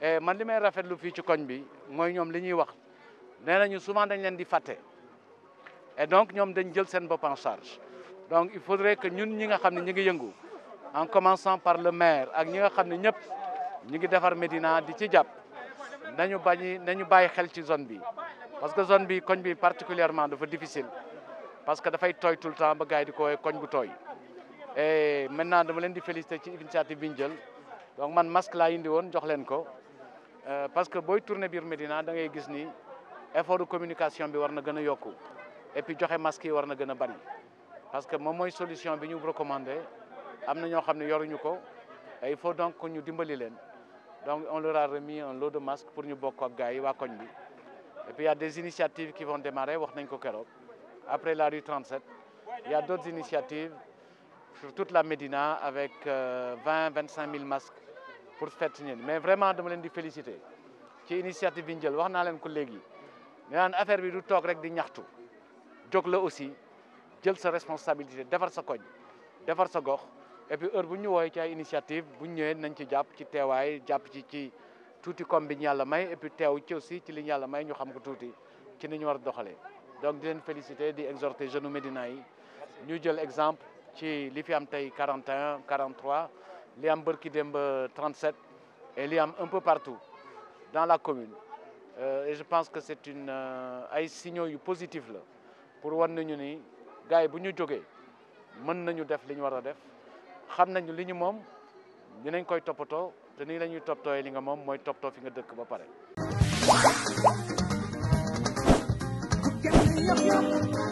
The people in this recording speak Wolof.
Eh, man di may rafetlu fii ci koñ bi mooy ñoom li ñuy wax nee nañu souvent dañ leen di fàtte e donc ñoom dañ jël seen bopp donc il faudrait que ñun ñi nga xam ne ñu ngi yëngu en commençant par le maire ak ñi nga xam ne ñëpp ñu ngi defar Médina di ci jàpp nañu bañi nañu bàyyi xel ci zone bi parce que zone bi koñ bi particulièrement dafa difficile parce que dafay tooy tout le temps ba gars di ko woowee koñ bu tooy et eh, maintenant dama leen di féliciter ci initiative bi ñu jël donc man masque laa indi woon jox leen ko euh, parce que booy tourner biir Médina da ngay gis ni effort de communication bi war na gën a yokku et puis joxe masque yi war na gën a bari parce que moom mooy solution bi ñu recommandé am na ñoo xam ne yoruñu ko il faut donc que ñu dimbali leen donc on leur a remis un lot de masques pour ñu bokk ak gars yi waa koñ bi et puis il y a des initiatives wax nañ ko keroog. après la rue 37. Il y a d'autres initiatives sur toute la Médina avec 20 25 000 masques pour fête ñun mais vraiment dama leen di féliciter ci initiative bi ñu jël wax naa leen ko léegi ñu naan affaire bi du toog rek di ñaxtu jóg la aussi jël sa responsabilité defar sa koñ defar sa gox et heure bu ñu woowee ci ay initiative bu ñu ñëwee nañ ci jàpp ci teewaay jàpp ci ci tuuti comme bi ñu yàlla may et puis teew ci aussi ci li ñu yàlla may ñu xam ko tuuti ci ni ñu war a doxalee. donc di leen féliciter di exhorter jeune Médina yi ñu jël exemple ci li fi am tey 41 43 li am bërki démb 37 et li am un peu partout dans la commune euh, et je pense que c'est une euh, ay signaux yu positif la pour wan nañu ni gars yi bu ñu jógee mën nañu def li ñu war a def xam nañu li ñu moom dinañ koy toppatoo te nii la ñuy toppatooyee li nga moom mooy toppatoo fi nga dëkk ba pare. Thank you.